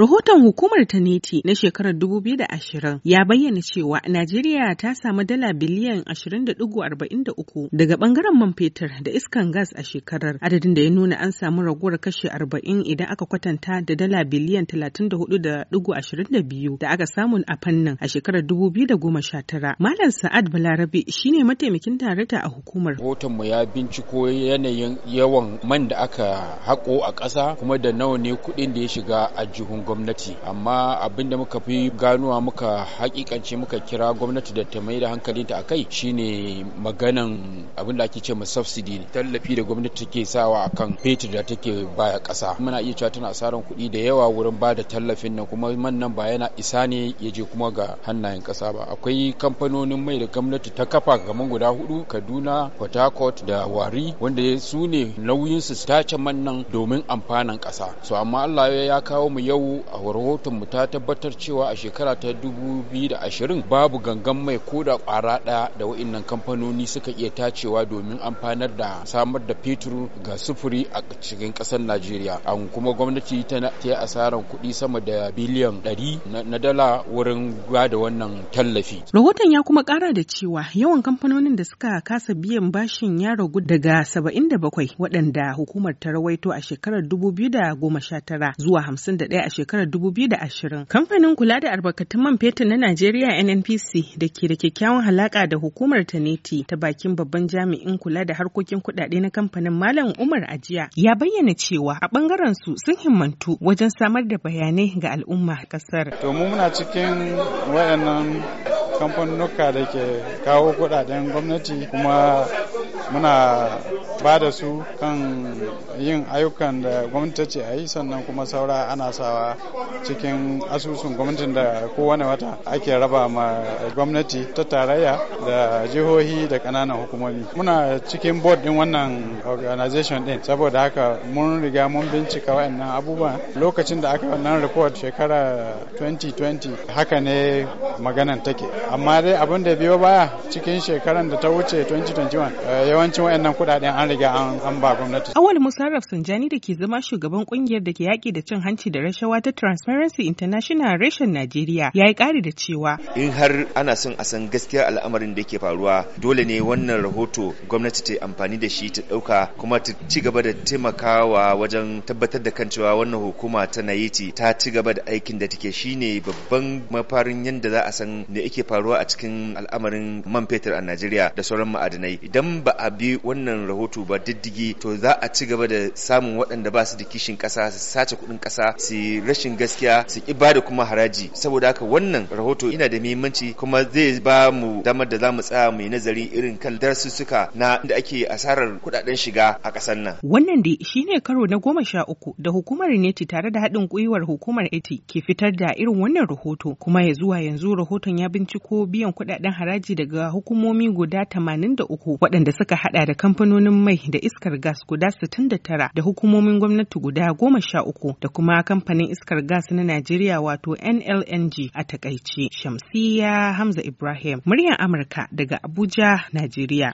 Rahoton hukumar ta neti na shekarar 2020 ya bayyana cewa Najeriya ta samu dala biliyan 20.43 daga bangaren man fetur da iskan gas a shekarar adadin da ya nuna an samu raguwar kashe 40 idan aka kwatanta da dala biliyan 34.22 da aka samu a fannin a shekarar 2019. Malam Sa'ad Balarabe shine mataimakin tarata a hukumar. Rahoton mu ya binciko yanayin yawan man da aka haƙo a ƙasa kuma da nawa ne kuɗin da ya shiga a jihun gwamnati amma abin da muka fi ganuwa muka hakikance muka kira gwamnati da ta mai da ta a kai shine maganan abin da ake ce ma subsidy tallafi da gwamnati take sawa akan fetur da take baya ƙasa muna iya cewa tana asaran kuɗi da yawa wurin ba da tallafin nan kuma man nan ba yana isa ne ya je kuma ga hannayen ƙasa ba akwai kamfanonin mai da gwamnati ta kafa kamar guda hudu kaduna port da wari wanda su ne nauyin su tace man nan domin amfanin ƙasa so amma allah ya kawo mu yau a rahoton mu ta tabbatar cewa a shekara ta 2020 babu gangan mai koda kwara ɗaya da waɗannan kamfanoni suka iya tacewa domin amfanar da samar da fetur ga sufuri a cikin kasar Najeriya. An kuma gwamnati ta yi asarar kuɗi sama da biliyan 100 na dala wurin ba da wannan tallafi. Rahoton ya kuma ƙara da cewa yawan kamfanonin da suka kasa biyan bashin ya ragu daga 77 waɗanda hukumar ta rawaito a shekarar 2019 zuwa 51 a shekarar 2020. Kamfanin kula da albarkatun man fetur na Najeriya NNPC da ke da kyakkyawan halaka da hukumar Taneti ta bakin babban jami'in kula da harkokin kuɗaɗe na kamfanin Malam Umar Ajiya ya bayyana cewa a bangaren su sun himmantu wajen samar da bayanai ga al'umma kasar. To mu muna cikin wayannan kamfanuka da ke kawo kuɗaɗen gwamnati kuma muna ba da su kan yin ayyukan da gwamnati ce a yi sannan kuma saura ana sawa cikin asusun gwamnatin da kowane wata ake raba ma gwamnati ta tarayya da jihohi da kananan hukumomi muna cikin board din wannan organization din saboda haka mun riga mun bincika wa'annan abubuwa lokacin da aka wannan report shekara 2020 haka ne maganan take amma dai abin da biyo baya cikin shekaran da ta wuce 2021 eh, yawancin wa'annan kuɗaɗen. an riga an ba gwamnati. Awal Musarraf Sunjani da ke zama shugaban kungiyar da ke yaƙi da cin hanci da rashawa ta Transparency International reshen Najeriya ya yi ƙari da cewa. In har ana son a san gaskiyar al'amarin da ke faruwa dole ne wannan rahoto gwamnati ta yi amfani da shi ta ɗauka kuma ta ci gaba da taimakawa wajen tabbatar da kan cewa wannan hukuma ta Naiti ta ci gaba da aikin da take ne babban mafarin yadda za a san me yake faruwa a cikin al'amarin man fetur a Najeriya da sauran ma'adanai idan ba a bi wannan rahoto kotu ba diddigi to za a ci gaba da samun waɗanda ba su da kishin ƙasa su sace kuɗin ƙasa su rashin gaskiya su ki da kuma haraji saboda haka wannan rahoto ina da muhimmanci kuma zai ba mu damar da za mu tsaya mu nazari irin kan darsussuka na inda ake asarar kuɗaɗen shiga a ƙasar nan. Wannan dai shine karo na goma sha uku da hukumar neti tare da haɗin gwiwar hukumar eti ke fitar da irin wannan rahoto kuma ya zuwa yanzu rahoton ya binciko biyan kuɗaɗen haraji daga hukumomi guda tamanin da uku waɗanda suka haɗa da kamfanonin mai da iskar gas guda 69 da hukumomin gwamnati guda 13 da kuma kamfanin iskar gas na Najeriya wato NLNG a takaice. Shamsiya Hamza Ibrahim, muryar Amurka daga Abuja, Najeriya.